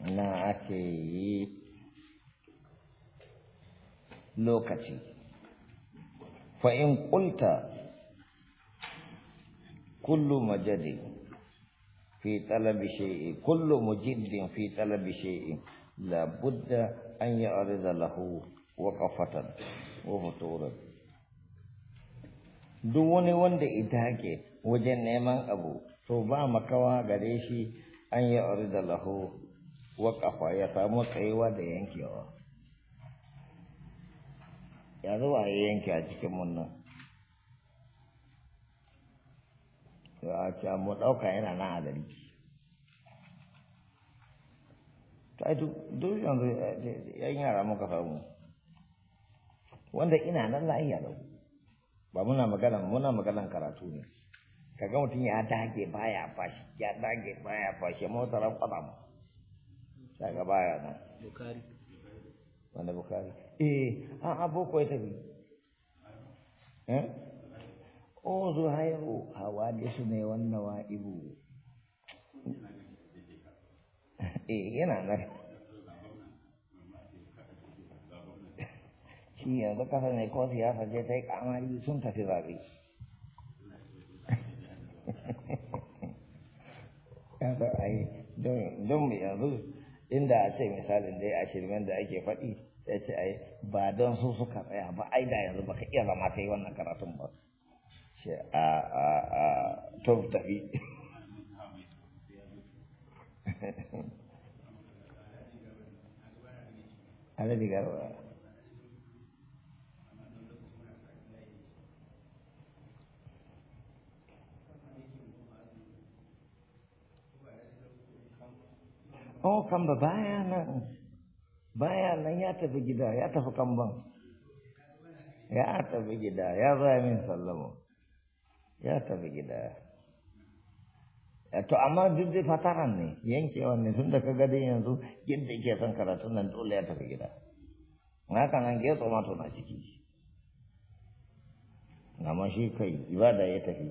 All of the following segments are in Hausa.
na ake yi lokaci fa'in ƙulta kullu majadin fi talabi shay'in kullu mujiddin fi talabi shay'in la budda an ya'rida lahu waqafatan wa futuran duk wani wanda idake wajen neman abu to ba makawa gare shi an ya'rida lahu waƙafa ya samu kaiwa da yankewa ya zuwa ya yanke a cikin to ya ce mu ɗauka yana nan a gari ta duk yanzu yan yara muka samu wanda ina nan lahiya lau ba muna magana muna maganan karatu ne kaga mutum ya dage baya fashi ya dage baya fashi ran kwadamu daga baya nan bukari wanda bukari eh an aboko ya tafi eh o zo hayo hawa da su ne wannan wa ibu eh yana nan shi yanzu kasa ne ko siyasa ce ta yi kamari sun tafi zabe yanzu a yi don yanzu inda a ce misalin dai a shirmen da ake faɗi sai ce ai ba don su suka tsaya ba ai da yanzu baka iya zama kai wannan karatun ba ce a a a to tafi kamba baya nan baya nan ya tafi gida ya tafi kamban ya tafi gida ya zai min sallama ya tafi gida Ya eh, to amma duk dai fataran ne yankewa ne tun da ka gade yanzu yadda yake son karatun nan dole ya tafi gida na kan an getso to na ciki amma shi kai ibada ya tafi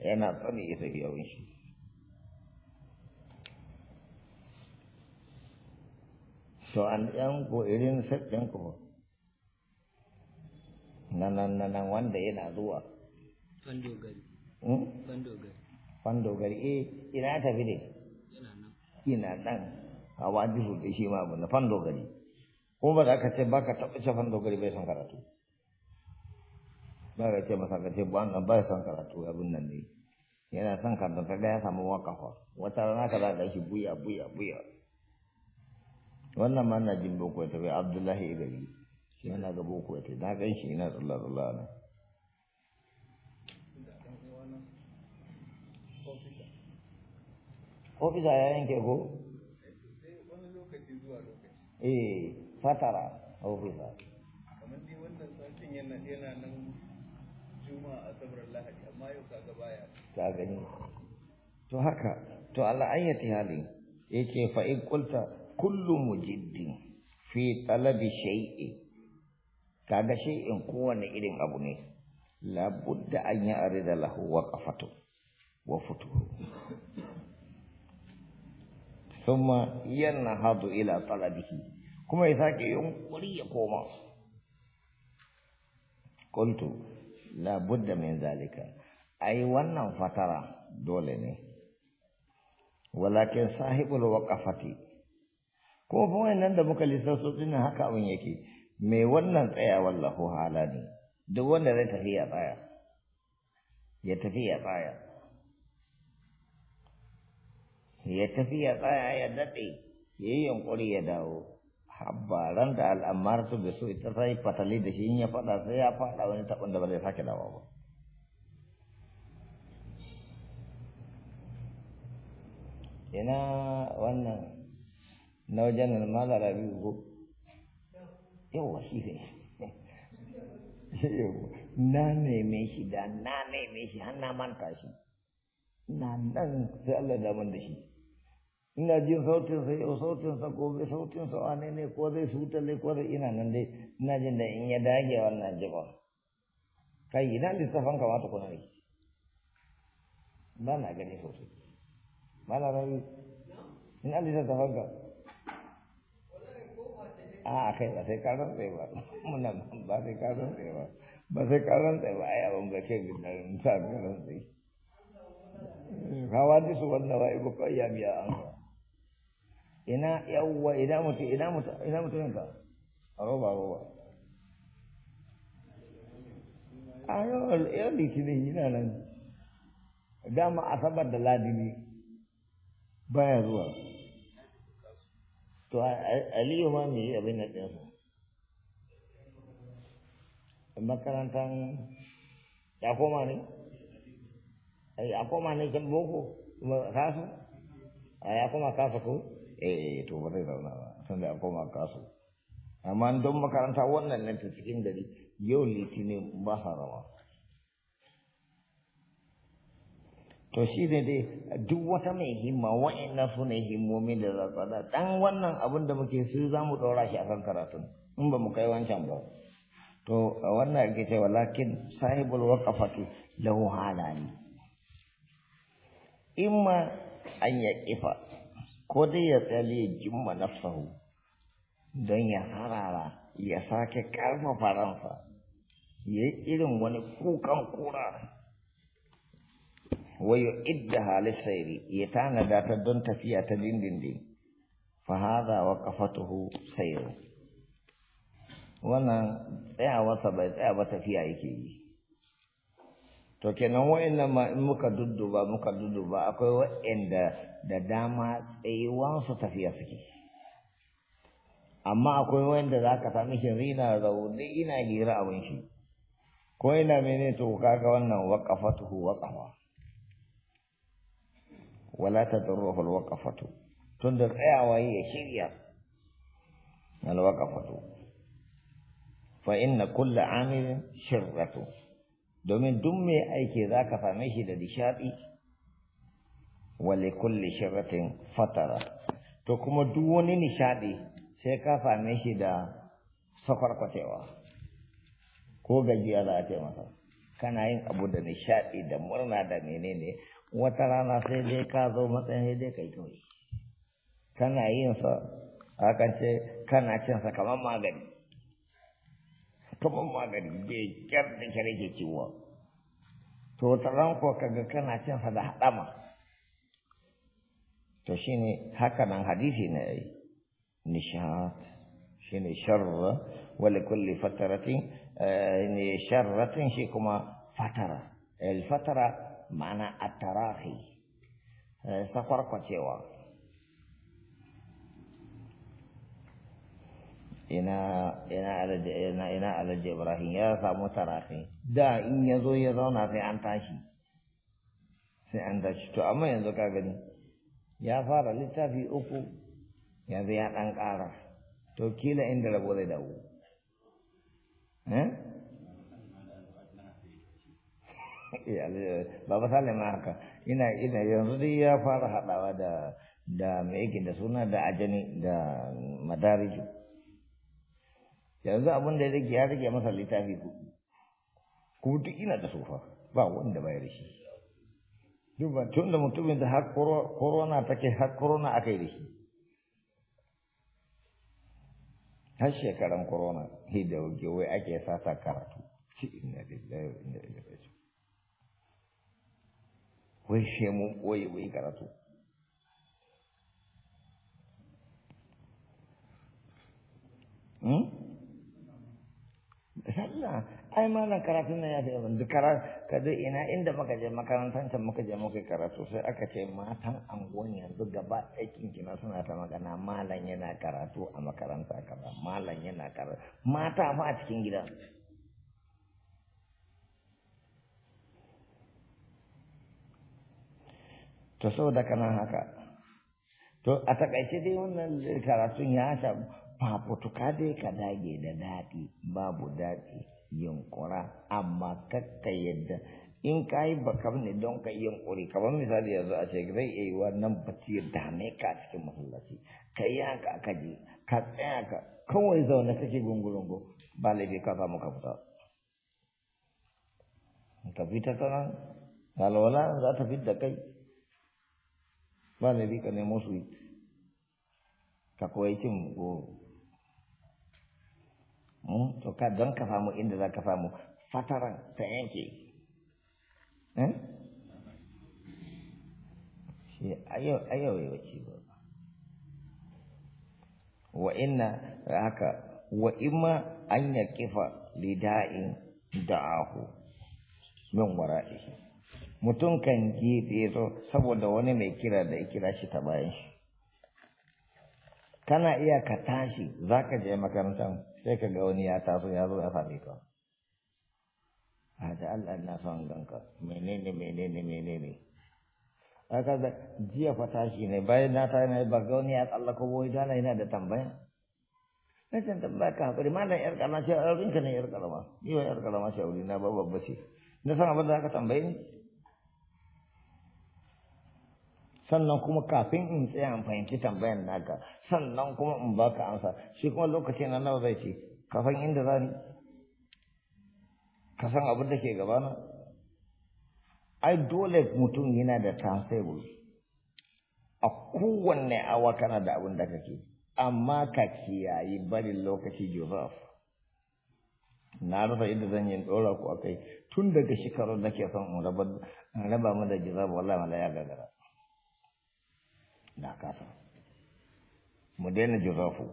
yana tsani ya tafi yawon shi So an yang ku irin set ɗin ku nan nan wanda yana zuwa. Fandogari. Fandogari. Hmm? Fandogari eh ina tafi ne. Ina nan. A wajibu da shi ma abu na fandogari. Ko ba za ka ce ba ka taɓa ce fandogari bai son karatu. Ba ka ce masa ka ce ba nan bai son karatu abin nan ne. Yana son karatu ka ga ya samu wakafa. Wata rana ka za ka shi buya buya buya. wannan ma na jin boko ta bai abdullahi igari yana ga boko ta na gan shi yana tsalla tsalla na ofisa ya yanke ko eh fatara ofisa kamar dai wannan satin yana yana nan juma'a asabar lahadi amma yau kaga baya ka gani to haka to ala ayyati halin yake fa in qulta Kullum mujiddin fi talabi shay'i kaga shay'in kowane irin abu ne La budda an ya arida lahu waqafatu wa futuhu thumma yanhadu ila talabihi kuma ya sake yunkuri ya koma qultu labudda min zalika ai wannan fatara dole ne walakin sahibul waqafati ko fa nan da muka lissafo din haka abin yake me wannan tsaya wallahu hala ne duk wanda zai tafi ya tsaya ya tafi ya tsaya ya tafi ya tsaya ya daɗe ya yi ya dawo habaran da al'amartu da su ita sai fatali da shi ya faɗa sai ya faɗa wani taɓin da ba zai sake dawa ba ina wannan na wajen mala rabi ko yawa shi ne na neme shi da na neme shi har na manta shi na nan sai Allah ya da shi ina jin sautin sa yau sautin sa gobe sautin sa wane ne ko zai sutale ko zai ina nan dai ina jin da in ya dage wannan jiba kai ina littafin kamata kuna ne ba na gani sosai ba na rabi ina littafin kamata a kai ba sai ka rantse ba muna ba sai ka rantse ba ba sai ka rantse ba ai abin ga kai da sa ka rantse hawadi su wannan wa'i ko kai ya biya an ina yawwa ina mutu ina mutu ina mutumin ka roba roba a yau litinin yana nan dama asabar da ladini baya zuwa to aliyu ma mai yi abin nan ɗinsa makarantar ya koma ne a eh, ya koma ne can boko kuma kasu a ya koma kasu ko eh to ba zai zauna ba sun da ya koma kasu amma don makaranta wannan nan ta cikin gari yau litinin ba sa rawa to shi ne dai duk wata mai himma wa'annan su ne himmomin da za su dan wannan abin da muke su za mu ɗora shi a kan karatun in ba mu kai wancan ba to wannan ake cewa lakin sahibul waqafati lahu halani imma an ya kifa ko dai ya tsali ya jimma nafsahu don ya sarara ya sake karfafa ransa ya yi irin wani kukan kura don للسير يتانا ذات fa تفيا تدين دين دين فهذا وقفته سير وانا تسعى وصبا تسعى وتفيا يكي to kenan wa'annan ma in muka dudduba muka dudduba akwai wa'anda da dama tsayuwan su tafiya suke amma akwai wanda za ka sami shi rina zaune ina hira abin shi ko ina mene to kaga wannan waqafatuhu waqafa wala ta darruhu alwaqafatu tun da tsayawa ya shirya alwaqafatu fa inna kulla amilin shirratu domin duk mai aiki zaka same shi da nishaɗi wale kulli shirratin fatara to kuma duk wani nishadi sai ka same shi da sakwarkwacewa ko gajiya za a ce masa kana yin abu da nishaɗi da murna da menene wata rana sai dai ka zo matsayin sai dai kai kawai kana yin sa hakan ce kana cin sa kamar magani kamar magani je kyar da kyare ke ciwo to wata ran ko ga kana cin sa da hadama to shine haka nan hadisi ne yayi nishat shine sharra wa kulli fatratin eh, ne sharratin shi kuma fatara al fatara ma'ana eh, safar kwacewa ina ina ina alaji ibrahim ya samu tarahi da in yazo ya zauna sai an tashi sai an tashi to amma yanzu ka gani ya fara littafi uku yanzu ya dan ƙara to kila inda rabo zai dawo eh baba salim haka ina ina yanzu dai ya fara haɗawa da da mai yake da suna da ajani da madariju yanzu abin da yake ya rage masa littafi kuɗi ku duk ina da sofa ba wanda bai da shi ba tun da mutumin da har corona take har corona aka yi da shi har shekaran korona da wai ake sata karatu ci inna lillahi wa inna ilaihi wai shi mu koyi wai karatu sallah hmm? ai malam karatun nan ya fi yawan duk ka je ina inda muka je makarantar can muka je muka karatu sai aka ce matan anguwan yanzu gaba aikin kina suna ta magana malam yana karatu a makaranta kaza malam yana karatu mata ma a cikin gida to saboda kana haka to a takaice dai wannan karatun ya ta fafutuka dai ka dage da daɗi babu daɗi yunkura amma kakka yadda in ka yi bakar ne don ka yi yunkuri kamar misali yanzu a ce zai iya yi wannan da dame ka cikin masallaci ka yi haka ka je ka tsaya ka kawai zaune kake gungurungu ba laifi ka samu ka fita ka fita kana alwala za ta fi da kai ba laifi ka nemo su ka koyi cin goro hmm? to ka don ka samu inda za ka samu fataran ta yanke eh? shi ayyau ya wace ba wa inna haka wa imma an kifa lida'in da'ahu min wara'ihi mutum kan giɗe zo saboda wani mai kira da ya kira shi ta bayan shi kana iya ka tashi za ka je makarantar sai ka ga wani ya taso ya zo ya same ka a da Allah na son ganka menene menene menene aka da jiya fa tashi ne bayan na tashi ne ba ga wani ya tsallaka boye dana yana da tambaya na can tambaya ka hakuri malam yar kana ce aurinka ne yar kalama ni ba yar a ce na ba babba ce na san abin da aka tambaye ni sannan kuma kafin in tsaya in fahimci tambayan naka sannan kuma in baka amsa shi kuma lokacin na nawa zai ce ka san inda zani ka san abin da ke gabana ai dole mutum yana da tasebul a kowanne awa kana da abin da kake amma ka kiyaye barin lokaci jiraf na rufe inda zan yi dora ku akai tun daga shekarun ke son in raba mu da juraf wallahi ya gagara na kasa mu daina jirafu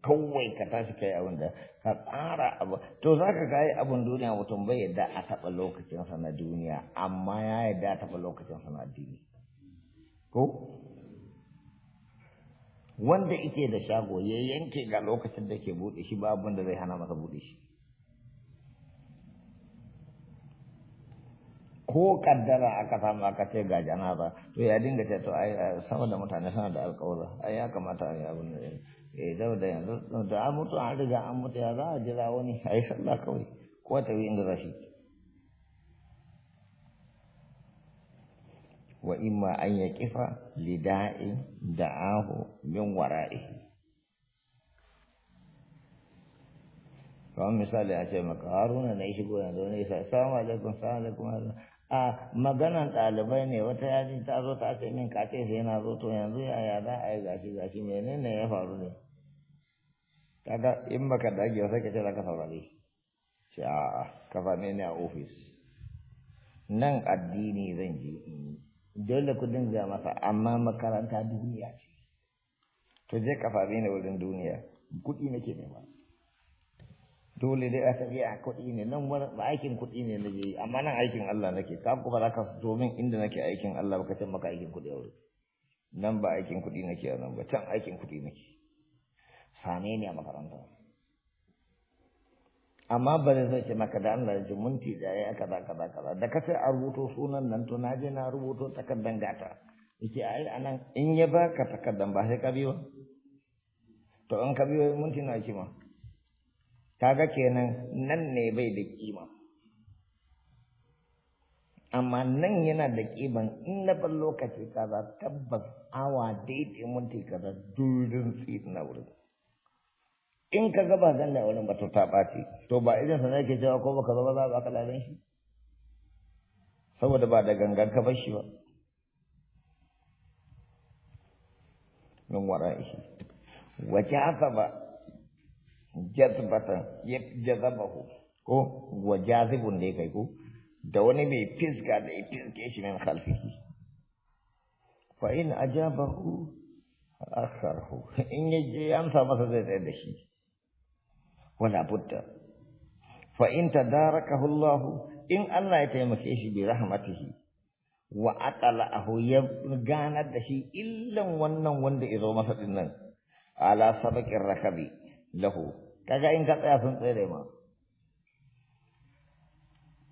kawai ka tashi kai abin da ka tsara abu to za ka kayi abin duniya mutum bai yadda a taɓa lokacinsa na duniya amma ya yadda a taɓa lokacinsa na addini ko wanda ike da shago ya yanke ga lokacin da ke buɗe shi babu wanda zai hana masa buɗe shi ko kaddara aka samu aka ce ga janaba to ya dinga ce to ai sama da mutane sana da alƙawla ai ya kamata ai abin da ya da da yanzu da an mutu an riga an mutu ya za a jira wani yi sallah kawai ko ta yi inda zashi wa imma an kifa, lida'i da'ahu min warai. kamar misali a ce maka haruna na yi shigo yanzu ne isa salamu alaikum salamu alaikum a maganan ɗalibai ne wata yaji ta zo ta ce min kace sai na zo to yanzu ya za a yi gashi gashi menene ya faru ne kaga in baka dage sai ka ce za ka saurare shi a ka ne ne a ofis nan addini zan je dole ku dinga masa amma makaranta duniya ce to je ka ne ni wurin duniya kuɗi nake nema dole dai aka je a kuɗi ne nan ba aikin kuɗi ne nake yi amma nan aikin Allah nake ka ku ba za ka domin inda nake aikin Allah baka can maka aikin kuɗi aure nan ba aikin kuɗi nake nan ba can aikin kuɗi nake same ne a makaranta amma ba zai zai ce maka da Allah ji minti da ya kaza kaza ka da ka sai a rubuto sunan nan to na je na rubuto takardan gata yake ai anan in ya baka takardan ba sai ka biyo to an ka biyo minti na kima ma kaga kenan nan ne bai da kima amma nan yana da kima in na ban lokaci kaza tabbas awa daidai minti kaza durin tsi na wurin in ka gaba zan da wurin ba to ta ɓaci to ba idan sana ke cewa ko baka zo za a baka ladan shi saboda ba da gangan ka bar shi ba min wara'ihi haka ba jazbata ya jazabahu ko wa jazibun da kai ko da wani mai fisga da ya fiske shi min khalfihi fa in ajabahu akharhu in yaje amsa masa zai tsaye da shi wala budda fa in tadarakahu Allah in Allah ya taimake shi bi rahmatihi wa aqala'ahu ya ganar da shi illan wannan wanda ya zo masa dinnan ala sabaqir rakabi lahu kaga in ka tsaya sun tsere ma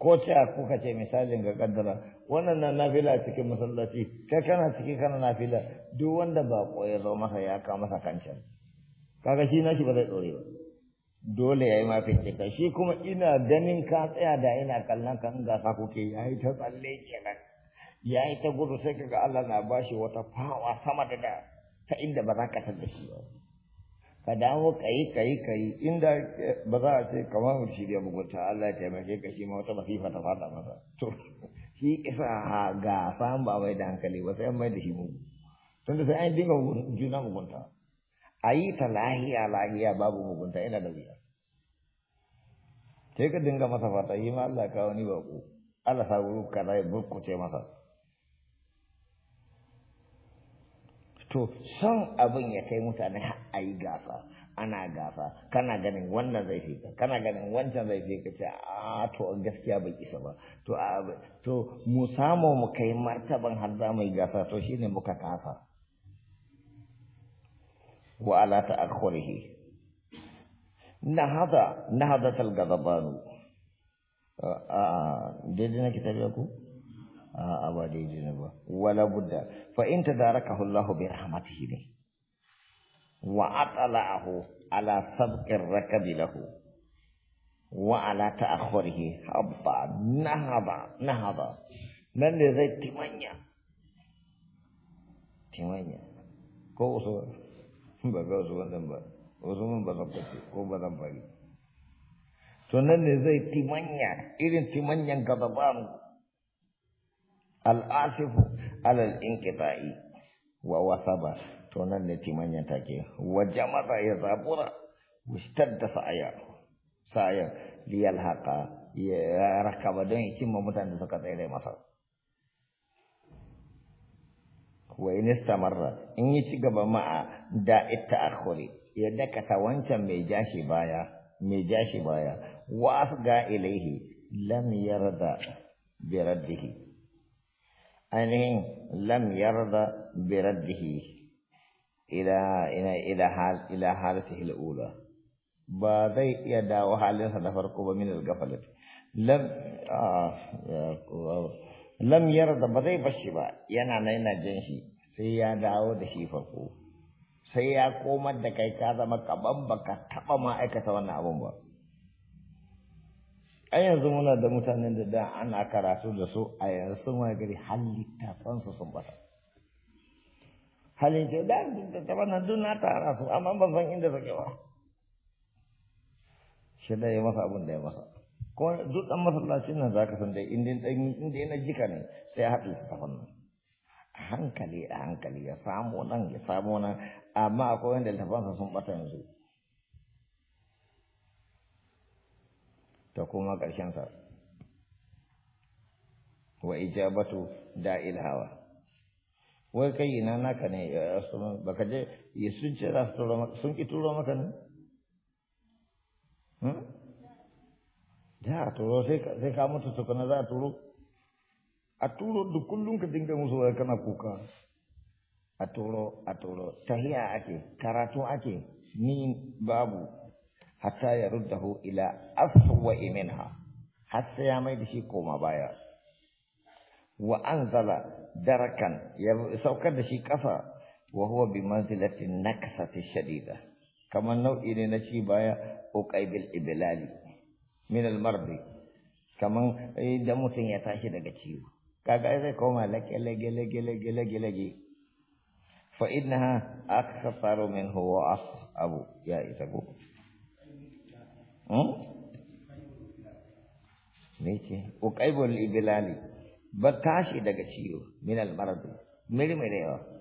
ko ta kuka ce misalin ga kaddara wannan na nafila cikin masallaci kai kana ciki kana nafila duk wanda ba koyar zo masa ya ka masa kancan kaga shi nashi ba zai dore ba dole yayi ma fice ka shi kuma ina ganin ka tsaya da ina kallon ka in gasa kuke yayi ta tsalle kenan yayi ta gudu sai kaga Allah na bashi wata fawa sama da da ta inda ba za ka tada ba ka dawo kai kayi kai inda eh, ba za a ce kamar shi da mugunta Allah ya taimake ka shi ma wata masifa ta fada masa to shi isa ga san ba mai da hankali ba sai mai da shi mu tun da sai an dinga juna mugunta a yi ta lahiya lahiya babu mugunta ina da wuya sai ka dinga masa fata yi ma Allah kawo ni bako Allah sa wuri kaza ya burkuce masa to son abin ya kai mutane a yi gasa ana gasa kana ganin wannan zai fi ka kana ganin wancan zai fi ka ce a to gaskiya bai isa ba to a to mu samu mu kai martaban har za mu yi gasa to shine muka kasa wa ala ta'akhurihi nahada nahadatal ghadabanu a daidai nake ku a'a ba daidai ne ba wala budda fa in tadarakahu Allah bi rahmatihi ne wa atala'ahu ala sabqir rakabi lahu wa ala ta'akhurihi habba nahaba nahaba nan ne zai timanya timanya ko so ba ga so wannan ba wasu mun ba zabbace ko ba zabbari to nan ne zai timanya irin timanyan gaba ba mu al'asifu alal inqita'i wa wasaba to nan ne timanya take wa jama'a ya zabura wastadda sa'aya sa'aya liyal haƙa ya rakaba don ya cimma mutane da suka tsere masa wa in istamarra in yi ci gaba ma'a da itta'akhuri ya dakata wancan mai jashi baya mai jashi baya wa asga ilaihi lam yarda bi raddihi ainihin lam yarda bi raddihi ila ila ila hal ila halatihi al-ula ba zai iya dawo sa na farko ba min al-gafalat lam ah, ah, lam yarda ba zai bashi ba yana nan yana jin shi sai ya dawo da shi farko sai ya komar da kai ka zama kaban baka taba ma'aikata wannan abun ba a yanzu muna da mutanen da da ana karatu da su a yanzu sun gari halitta su sun bata halin ce da da taba na duna na tara su amma ban san inda suke ba shi da ya masa abin da ya masa kuma duk dan masallacin nan zaka san dai inda inda yana jika ne sai haɗu su tafan nan hankali a hankali ya samu nan ya samu nan amma akwai wanda tafansa sun bata yanzu da kuma wa ijabatu da'il hawa wai kai ina naka ne ya asuman baka je ya sun za su turo maka hmm? sun ki maka ne da a turo sai ka mutu tukuna za a turo a turo duk kullum ka dinga musu kana kuka a turo a turo tahiya ake karatu ake ni babu حتى يرده إلى أسوأ منها حتى يعمل شيء كوما بايا وأنزل دركا يسوك شيء كفا وهو بمنزلة النكسة الشديدة كما نو إلى نشي بايا أقايب الإبلال من المرض كما دم سنيتاشي لكتشيو كاكا إذا كوما لك لك لك لك لك لك فإنها أكثر منه وأصعب يا إذا Hmm? Mece, uƙaibul ibilali, ba tashi daga ciwo, minal maradu, mirmirewa.